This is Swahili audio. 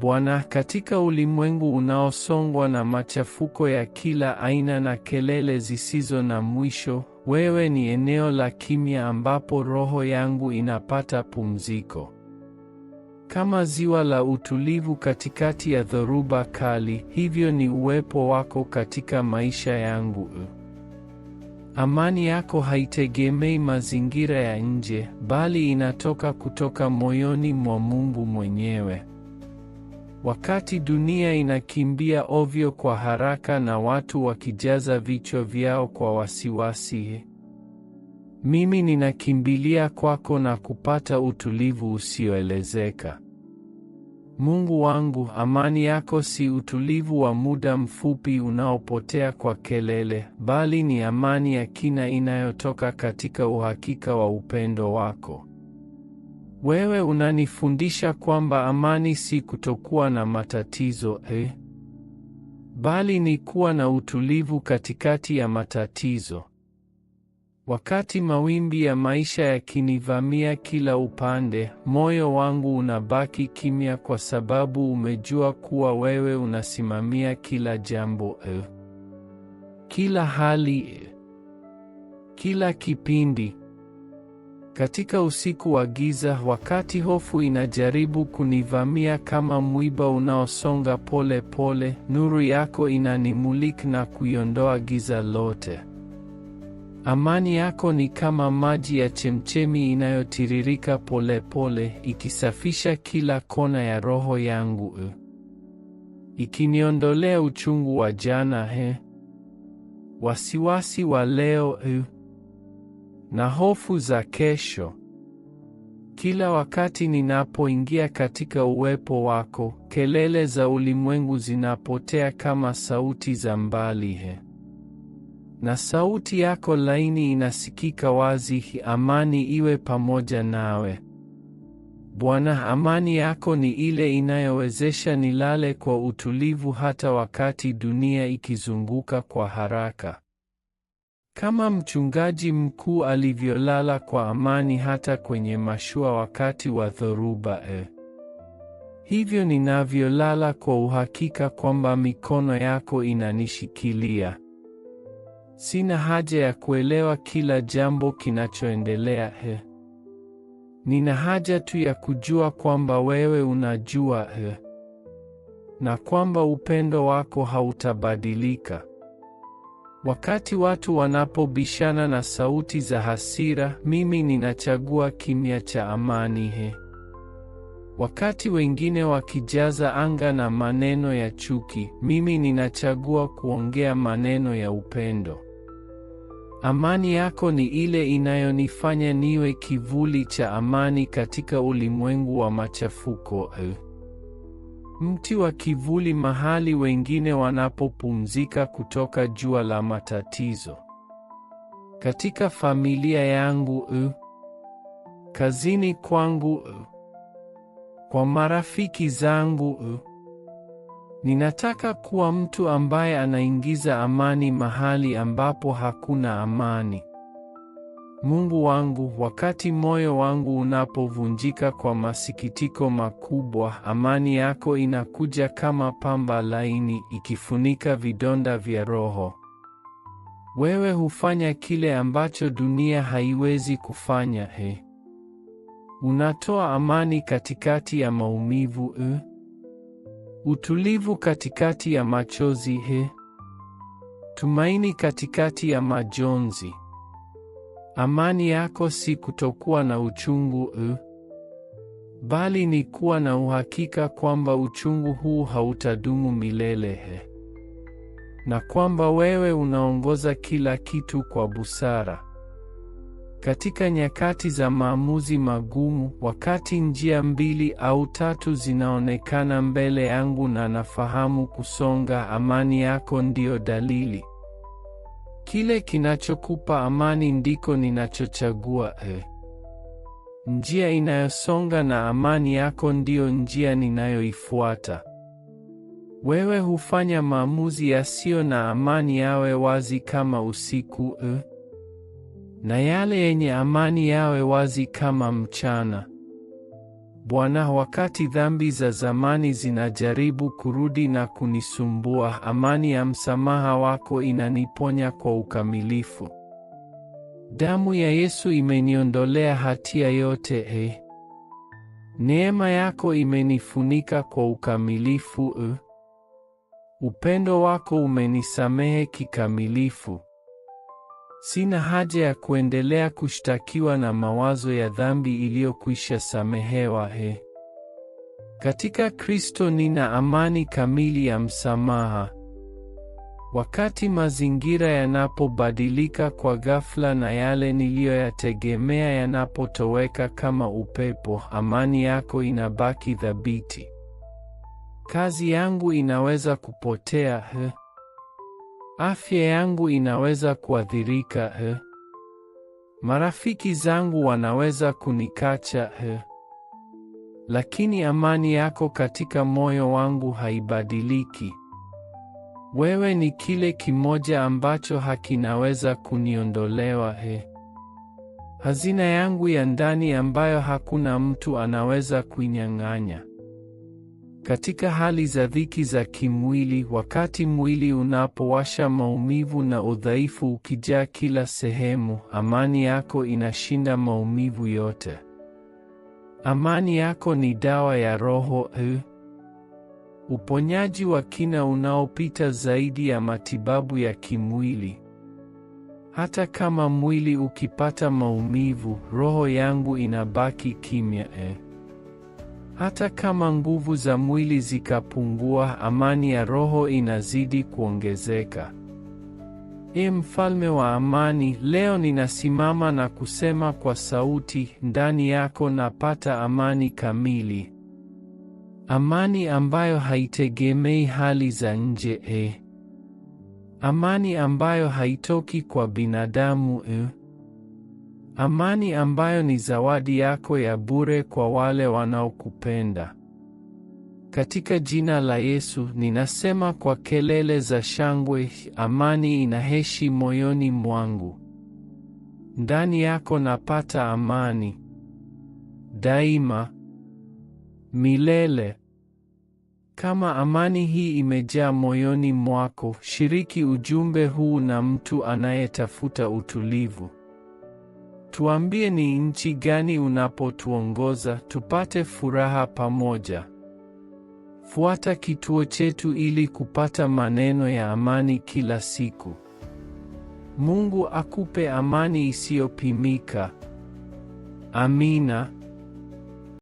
Bwana, katika ulimwengu unaosongwa na machafuko ya kila aina na kelele zisizo na mwisho, wewe ni eneo la kimya ambapo roho yangu inapata pumziko. Kama ziwa la utulivu katikati ya dhoruba kali, hivyo ni uwepo wako katika maisha yangu. Amani yako haitegemei mazingira ya nje, bali inatoka kutoka moyoni mwa Mungu mwenyewe. Wakati dunia inakimbia ovyo kwa haraka na watu wakijaza vichwa vyao kwa wasiwasi, mimi ninakimbilia kwako na kupata utulivu usioelezeka. Mungu wangu, amani yako si utulivu wa muda mfupi unaopotea kwa kelele, bali ni amani ya kina inayotoka katika uhakika wa upendo wako. Wewe unanifundisha kwamba amani si kutokuwa na matatizo eh, bali ni kuwa na utulivu katikati ya matatizo. Wakati mawimbi ya maisha yakinivamia kila upande, moyo wangu unabaki kimya kwa sababu umejua kuwa wewe unasimamia kila jambo eh, kila hali eh, kila kipindi katika usiku wa giza, wakati hofu inajaribu kunivamia kama mwiba unaosonga pole pole, nuru yako inanimulika na kuiondoa giza lote. Amani yako ni kama maji ya chemchemi inayotiririka polepole pole, ikisafisha kila kona ya roho yangu, ikiniondolea uchungu wa jana, he, wasiwasi wa leo, he na hofu za kesho. Kila wakati ninapoingia katika uwepo wako, kelele za ulimwengu zinapotea kama sauti za mbali he. Na sauti yako laini inasikika wazi, amani iwe pamoja nawe. Bwana, amani yako ni ile inayowezesha nilale kwa utulivu hata wakati dunia ikizunguka kwa haraka. Kama mchungaji mkuu alivyolala kwa amani hata kwenye mashua wakati wa dhoruba e. Hivyo ninavyolala kwa uhakika kwamba mikono yako inanishikilia. Sina haja ya kuelewa kila jambo kinachoendelea e. Nina haja tu ya kujua kwamba wewe unajua e. Na kwamba upendo wako hautabadilika. Wakati watu wanapobishana na sauti za hasira, mimi ninachagua kimya cha amani. He, wakati wengine wakijaza anga na maneno ya chuki, mimi ninachagua kuongea maneno ya upendo. Amani yako ni ile inayonifanya niwe kivuli cha amani katika ulimwengu wa machafuko. Eh mti wa kivuli mahali wengine wanapopumzika kutoka jua la matatizo. Katika familia yangu, uh, kazini kwangu, uh, kwa marafiki zangu, uh, ninataka kuwa mtu ambaye anaingiza amani mahali ambapo hakuna amani. Mungu wangu, wakati moyo wangu unapovunjika kwa masikitiko makubwa, amani yako inakuja kama pamba laini, ikifunika vidonda vya roho. Wewe hufanya kile ambacho dunia haiwezi kufanya. He, unatoa amani katikati ya maumivu, e, utulivu katikati ya machozi, he, tumaini katikati ya majonzi. Amani yako si kutokuwa na uchungu uh, bali ni kuwa na uhakika kwamba uchungu huu hautadumu milele he, na kwamba wewe unaongoza kila kitu kwa busara. Katika nyakati za maamuzi magumu, wakati njia mbili au tatu zinaonekana mbele yangu na nafahamu kusonga, amani yako ndiyo dalili. Kile kinachokupa amani ndiko ninachochagua. E, njia inayosonga na amani yako ndiyo njia ninayoifuata. Wewe hufanya maamuzi yasiyo na amani yawe wazi kama usiku, e, na yale yenye amani yawe wazi kama mchana. Bwana, wakati dhambi za zamani zinajaribu kurudi na kunisumbua, amani ya msamaha wako inaniponya kwa ukamilifu. Damu ya Yesu imeniondolea hatia yote. E, neema yako imenifunika kwa ukamilifu. eh. upendo wako umenisamehe kikamilifu. Sina haja ya kuendelea kushtakiwa na mawazo ya dhambi iliyokwisha samehewa. He, katika Kristo nina amani kamili ya msamaha. Wakati mazingira yanapobadilika kwa ghafla na yale niliyoyategemea yanapotoweka kama upepo, amani yako inabaki thabiti. Kazi yangu inaweza kupotea, he, afya yangu inaweza kuathirika he. Eh? Marafiki zangu wanaweza kunikacha he. Eh? Lakini amani yako katika moyo wangu haibadiliki. Wewe ni kile kimoja ambacho hakinaweza kuniondolewa he. Eh? Hazina yangu ya ndani ambayo hakuna mtu anaweza kuinyang'anya. Katika hali za dhiki za kimwili, wakati mwili unapowasha maumivu na udhaifu ukijaa kila sehemu, amani yako inashinda maumivu yote. Amani yako ni dawa ya roho, e. uponyaji wa kina unaopita zaidi ya matibabu ya kimwili. Hata kama mwili ukipata maumivu, roho yangu inabaki kimya. E. Hata kama nguvu za mwili zikapungua, amani ya roho inazidi kuongezeka. E mfalme wa amani, leo ninasimama na kusema kwa sauti, ndani yako napata amani kamili, amani ambayo haitegemei hali za nje, e amani ambayo haitoki kwa binadamu e amani ambayo ni zawadi yako ya bure kwa wale wanaokupenda. Katika jina la Yesu ninasema kwa kelele za shangwe, amani inaheshi moyoni mwangu. Ndani yako napata amani daima, milele. Kama amani hii imejaa moyoni mwako, shiriki ujumbe huu na mtu anayetafuta utulivu. Tuambie ni nchi gani unapotuongoza tupate furaha pamoja. Fuata kituo chetu ili kupata maneno ya amani kila siku. Mungu akupe amani isiyopimika. Amina.